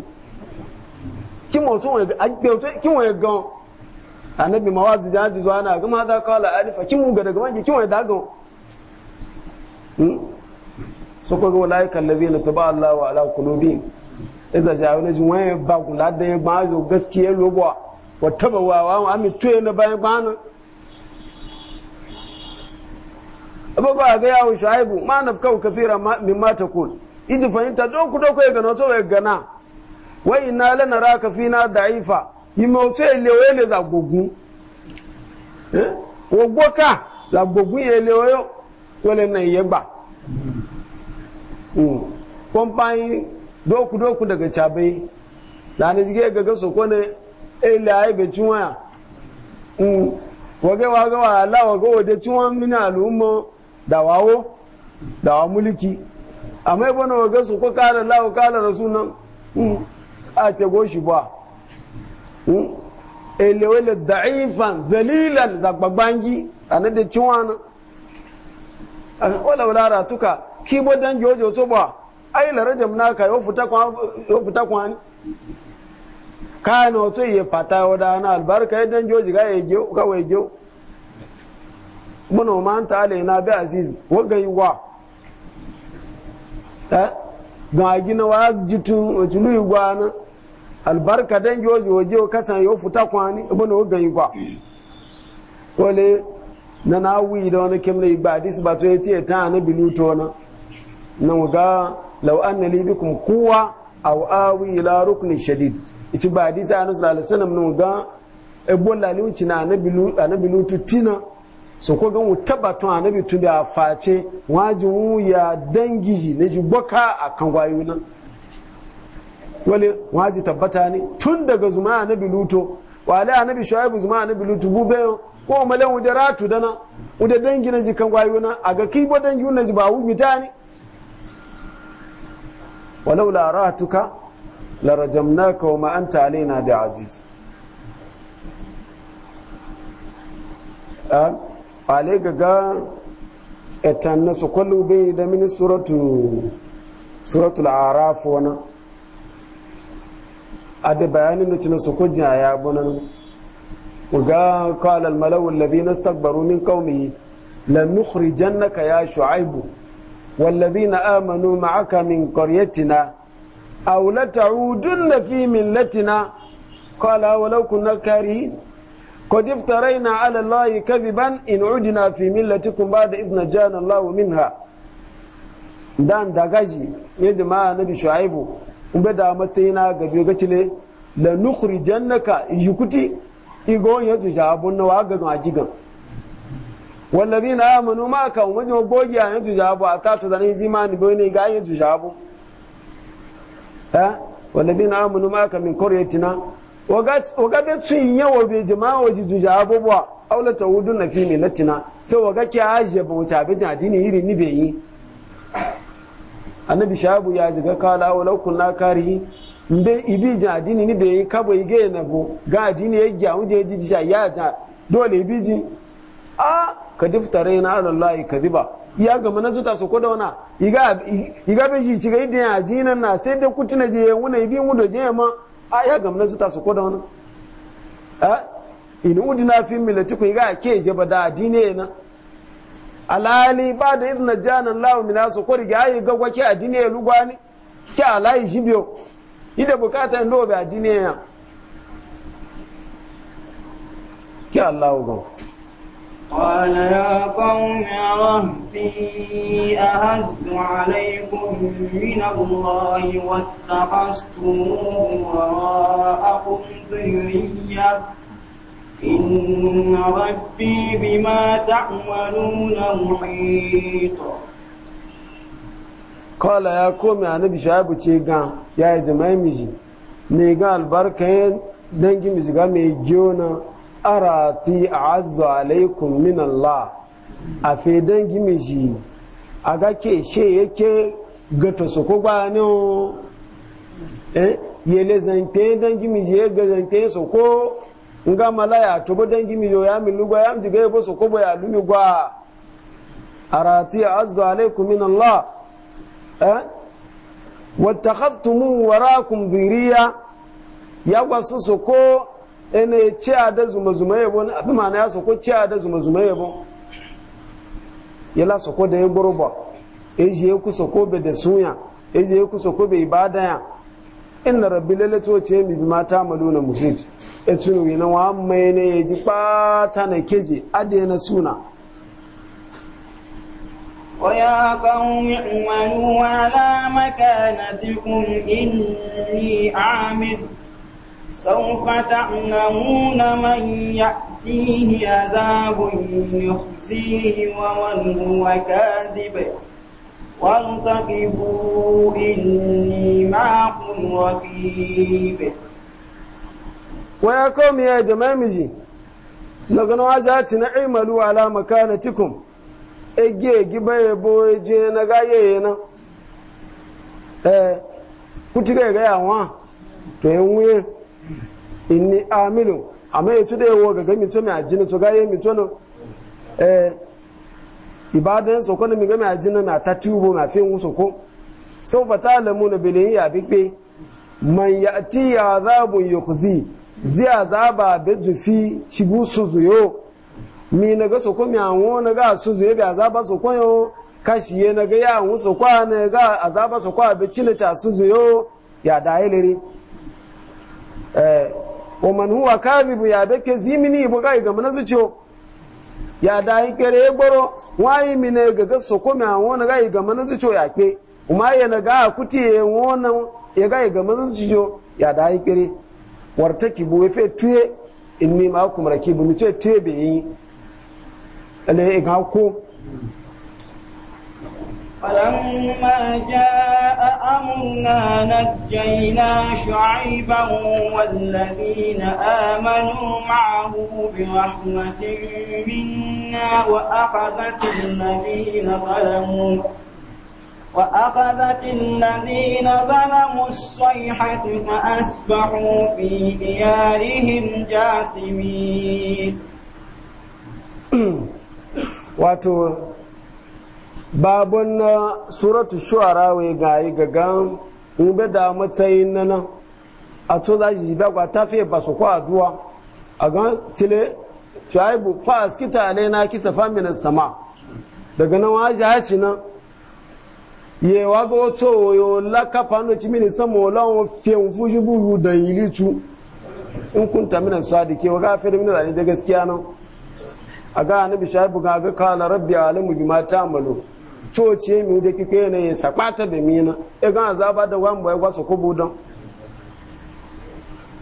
kin wato wai ga agbe kin wai ga annabi mawazi jaji zuwa na ga ma za ka la anifa kin mu ga daga manjo kin wai daga so ko ga walaika allazina taba Allah wa ala qulubi iza jawo wani jin wai ba kula da ya ba zo gaskiya lobo wa tabawa wa ami tuye na bayan bana ba ga yawo shaibu ma na fi kafira min mata kun idi fahimta doku doku ya gana so ya gana wa inna lanaraka fina da'ifa lewe ne za gogun eh ogboka za lewe elewoyo wale na iyegba mm kwamfani doku doku daga cabai da ne zige gaga soko ne ele ai be tuwa mm wage wage wa ala wage wode tuwa min al'umma dawawo dawa mulki amma ibn waga su ko kala Allah kala rasul nan hmm, a te goshi ba hmm, ele wele da'ifan gbagbangi a anade ciwana wala wala ratuka bo dan jojo to ba ai la rajam naka yo futa kwa yo futa kwa ni kana to ye fata wada na albarka dan joji ga ya jo ga muna ma ta na bi aziz waga yi wa eh? ga gina wa jitun ojulu igwa na albarka dan yi waje oje kasan yi futa kwani ibana waga yi gwa wale na na wuyi da wani kemle ba disi ba to ya ce ta na biluto na na ga lau an na libikun kowa a awi la rukuni shadid ichi ba disi a nasu lalisanin na ga ebola liwuci na anabilutu tina so ko gan wuta batun annabi tun da face wajin ya dangiji na ji boka a kan wayo nan wale waji tabbata ne tun daga zuma annabi luto wale annabi shuaibu zuma annabi luto bube ko malan wuda ratu dana wuda dangi na ji kan wayo nan a ga kibo dangi na ji ba wu ne walau la ratuka la rajamnaka wa ma anta alaina bi aziz ah? wale gaga etan na su kwallo bai da mini suratul araf wani a da bayanin da cinan su kujin a yabunan ga kawalar malawun labi na stagbaru min kaumi lannukuri jannaka ya shu'aibu wallazi na amanu ma'aka min koryatina a wulata rudun na fi min latina kala walau kuna قد افترينا على الله كذبا إن عدنا في ملتكم بعد إذ نجانا الله منها dan da gaji ya jama'a nabi shu'aibu in ba da matsayina ga biyo gaci ne la nukhrijannaka yukuti igo ya tuja abun na waga ga gigan wallazina amanu ma ka umma gogiya ya tuja abu atata da ne jimani boye ne ga ya tuja abu ha wallazina amanu ma ka min qaryatina waga da tun yawa bai jima wa ji juja abubuwa aula ta wudu na fi milatina sai waga ki ajiye bauta bi jadini iri ni bai yi annabi shabu ya jiga kala wa laukun na karihi mbe ibi jadini ni bai yi kabo ige na bu ga adini ya gya wuje ji sha ya ta dole ibi ji a ka diftare na alallahi kadiba iya gama na zuta su ko da wana iga iga be ji ci ga idin ajinan na sai dai kutina je wuna ibi mu je ma a ya gamna zuta su ko da wani a in udina fi millati ku ga ke je ba da adini adine na alali ba da idna jana Allah min su ko riga yi ga kwake adine ya lugwani ke alai jibiyo ida bukata ndo ba adine ya ke Allah go Ƙwallaya komai ma biyi a hasu alaikorina ruwa yi wa taɓastu a ungulduyar inu na babbi bi ma taɓa nuna muguɗu. Ƙwallaya komai Ali gan, ya yi jama'in miji, me gan albarkanyin dangin miji mai jona. arati azu alaikum min Allah a fe dangi miji a ga ke she yake gata su ko ba ne o eh zan zanke dangi miji ya ga zanke su ko nga malaya to bo dangi miji ya mi lugwa ya mji ga su ko bo ya lumi gwa arati azu alaikum min Allah eh wattakhadtum warakum dhiriya ya wasu su ko ene ciya da zuma zuma yabo na abu mana ya soko ciya da zuma zuma yabo yala soko da yin buruba eji ya ku soko be da suya eji ya ku soko be ibada ya ina rabbi lalato ce mi bi mata maluna muhit etunu yana wa mai ne ji pata na keje ade na suna ويا قوم اعملوا على مكانتكم إني عامل سوف تعلمون من يأتيه عذاب يخزيه ومن هو كاذب وارتقبوا إني معكم رقيب وياكم يا جمامجي لقد وازاتنا اعملوا على مكانتكم ege giba yabo je na gaye na eh kuti ga ga yawa to enwuye inni aminu amma ya ci da yawo ga gami to mai ajina to ga yi mito no eh ibadan so kono mi gami mai ajina na ta tubo na fi musu ko sau fata lamu na bilin ya bigbe man ya ti ya zabun yukuzi ziya zaba be jufi shigu su zuyo mi na ga so ko mi anwo na ga su zuyo bi azaba so ko yo kashi ye na ga ya anwo so kwa na ga azaba so kwa be cile su zuyo ya da ilere eh wa man huwa kadhibu ya beke zimini bu ga ga manazu cho ya da yi kere gboro wayi mine ga ga soko mi awon wona ga ga manazu cho ya pe kuma ya na ga kuti ye wona ya ga ga manazu cho ya da yi kere wartaki bu fe tuye inni ma kuma rakibu mi tuye tebe yi ale ga ko فلما جاء أمرنا نجينا شعيبا والذين آمنوا معه برحمة منا وأخذت الذين ظلموا وأخذت الذين ظلموا الصيحة فأصبحوا في ديارهم جاثمين wato babon na suratu shuara wai gayi gaga ube da matsayin na nan a to za shi ba kwa ta fiye ba su kwa aduwa a gan cile shuaibu fa askita na kisa famina sama daga nan waje haci nan ye wa ga wato yo la kafa no ci mini samo la fiye fiyen shi buru da yilitu in kunta minan ke, wa ga fiye zane da gaskiya nan a ga annabi shaibu ga ga kala rabbi alamu ta malo. coci mi da kike ne sakpata be mina e ga azaba da wan boy kwaso kubu don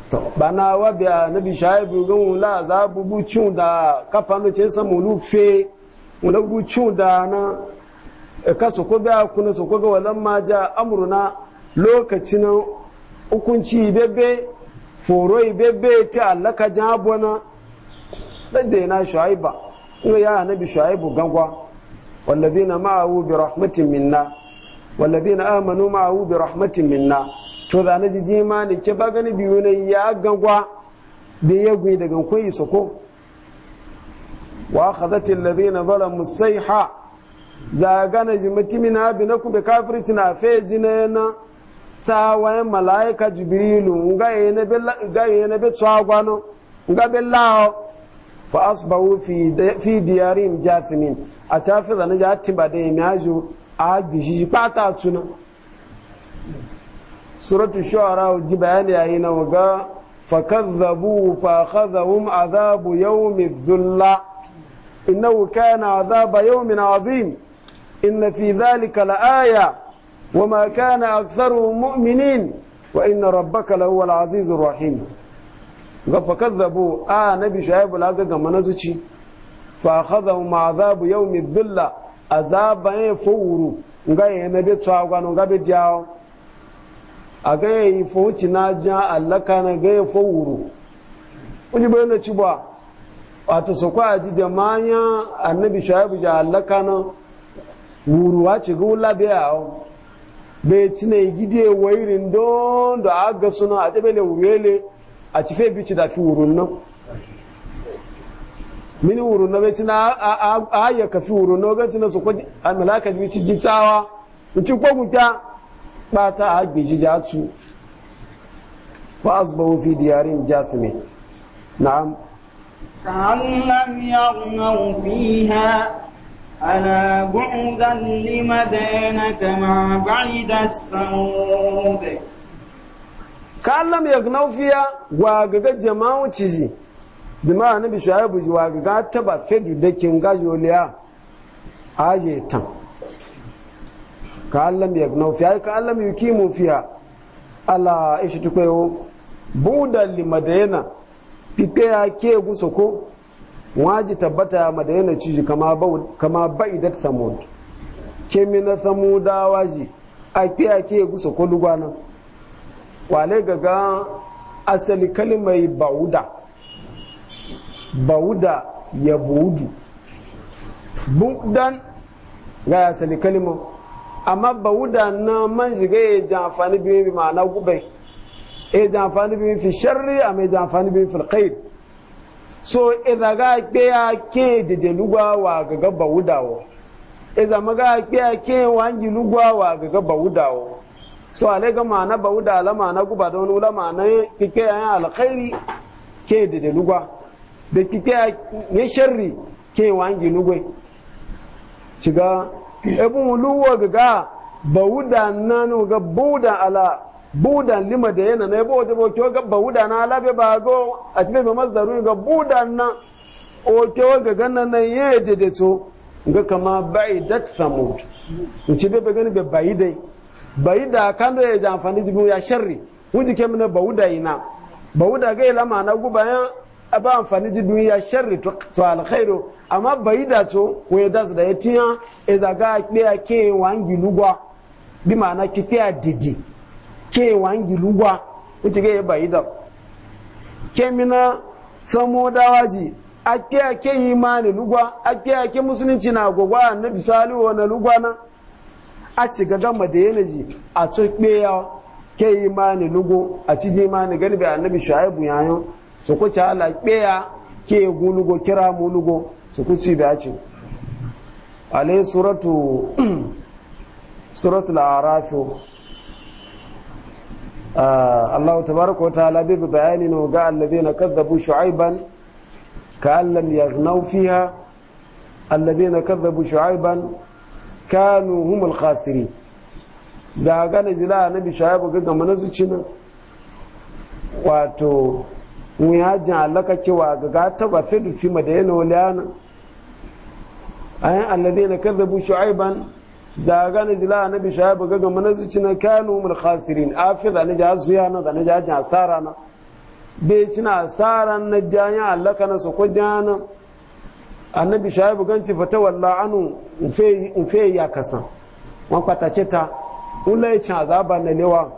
to bana wa bi nabi shaibu gun la azabu bu da kafa no ce samu lu fe mu da bu da na e kaso ko ba kuna so ko ga walan ma ja amruna lokacin hukunci bebe foro bebe ta allaka jabona da je na shaiba ya nabi shaibu gangwa والذين معه برحمة منا والذين آمنوا معه برحمة منا to da na jiji ma ne ke ba gani biyu ne ya gangwa bai ya gwi daga kwayi su ko wa akhadhat alladhina zalamu sayha za gana ji mutimina bi na kuma kafirci na fe jina na tawaye malaika jibrilu ga yana be ga yana be tsagwano ga be lawo فاصبحوا في في ديارهم جاثمين اتافذ انا جاتي بعدين ماجو اجي باتا تشنا سورة الشعراء والجبال أين وقا فكذبوا فأخذهم عذاب يوم الذلة إنه كان عذاب يوم عظيم إن في ذلك لآية وما كان أكثرهم مؤمنين وإن ربك لهو العزيز الرحيم ga zabo a nabi shu'aibu la ga mana zuci fa yau ma'azabu yawmi a azaba ya fawuru ga ya nabi tsawa ga bi jawo a ga yi wuci na ja allaka na ga ya wuru uji bayan da ciba wato su kwa ji jama'a annabi shu'aibu ja allaka na a ci ga wula bai cina gidiye wairin don da aga suna a tabe ne wurele a ci fe bici da fi wurin nan mini wurin nan bai na a ya ka fi wurun na ogan tina su kwaji a malaka bici tsawa? in ci kwaguta ba ta a gbiji ja su fa asbahu fi diyarin jasimi na'am ka'allam yaghnau fiha ألا بعدا لمدينة كما بعد السود ka lam yagnau fiya wa gaga jama'u ciji bi nabi shuaibu wa gaga taba fedu da kin ga joliya aje tan ka ya gnaufiya fiya ka lam yukimu fiya ala ishi tukwayo buda madayana ipe ya ke gusa ko waji tabbata madayana ciji kama kama baidat samud kemina samudawa ji a ke gusa ko lugwana wale gaga asali kalimai bauda bauda ya budu budan ga asali kalima amma bauda na man shiga ya ji biyu bi ma'ana gubai ya ji biyu fi sharri a mai ji biyu fi alkhair so idan ga ke ya ke dide lugwa wa gaga bauda wa idan ga ke ya ke wangi lugwa wa gaga bauda wa so ale ga mana da ala mana guba don ula mana kike ya alkhairi ke de de lugwa da kike ya sharri ke wangi lugwe shiga ebu luwa ga bauda nanu ga buda ala budan lima da yana na yabo da boke ga da na alabe ba go a cikin mai masdaru ga budan na oke ga ganna na yeje da to ga kama baidat samud in ci be gani be baidai bai da kando ya ji amfani jibu ya sharri wuji ke mina bawu da ina Ba wuda ga ilama na guba ya ba amfani jibu ya sharri to alkhairu amma bai da to ko ya dasu da ya tiya ya zaga kiya ke wangi lugwa bi ma'ana ki ya didi ke wangi lugwa wuji ga ya bai da ke mina samu dawaji ake ake yi ma ne lugwa ake ake musulunci na gwagwa na bisali wa na lugwa na a ci gama da yanayi a turɓe ya ke yi mani lugo a ci ji mani gani bai annabi shu'aibu yayo su ku ci ala ɓeya ke gu lugo kira mu lugo su ku ci bai ci alai suratu suratu la'arafu Allah ah, tabaraka wa ta'ala bi bayani na ga alladhina kadzabu shu'aiban ka'an lam yaghnaw fiha alladhina kadzabu shu'aiban kanu humul khasiri za ga na jila na bishaya ga gama na zuci na wato mu ya jin alaka cewa ga ga taba fidu fi madayana waliyana ayan alladheena kadhabu shu'aiban za ga na jila na bishaya ga gama na zuci na kanu humul khasirin afiza na ja zuya na da na ja jin asara na bai cina asara na jayan alaka na su ko jana annabi shaibu ganci fata walla anu nfe ya kasa wọn kwatace ta ula ya cin azaba na lewa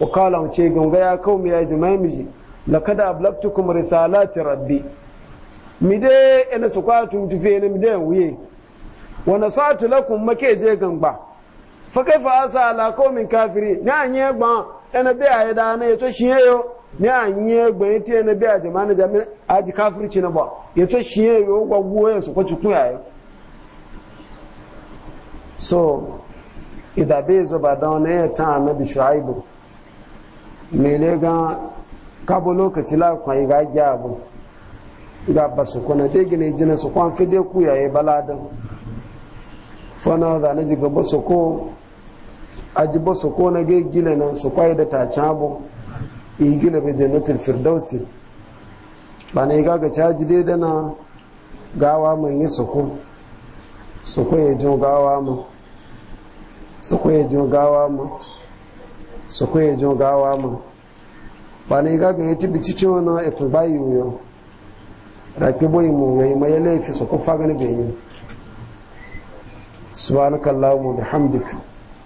wa kala mace ganga ya kawo mai yaji mai miji lakada ablaktukum risalati rabbi mi de ina su kwatu tufe ne mi de wuye wa nasatu lakum make je ganga. fa kaifa asa ala min kafiri na an gban ene be a da na yato shi yo ni anye gbe ti ene be a jama'an jami aji kafirci na ba yato shi yo gwagwo ya su kwaci kuya yo so idha be zo ba da wani ya ta annabi shu'aibu me ne ga kabo lokaci la kwai ga gyabu ga basu kuna de gine jina su kwan fide kuya ya baladan fana da na jiga basu ba su ko ga gai gina nan su kwaye da ta cabo yi gina bai jannatul firdausi ba na ga ga caji dai da na gawa mai yi suku su kwaye jin gawa mu su kwaye jin gawa mu su kwaye jin gawa mu ba na ga ga ya tibi cikin wani e ifin bayi wuyo rafi boyi mu yayi mai laifi suku fagani bai subhanakallahumma bihamdika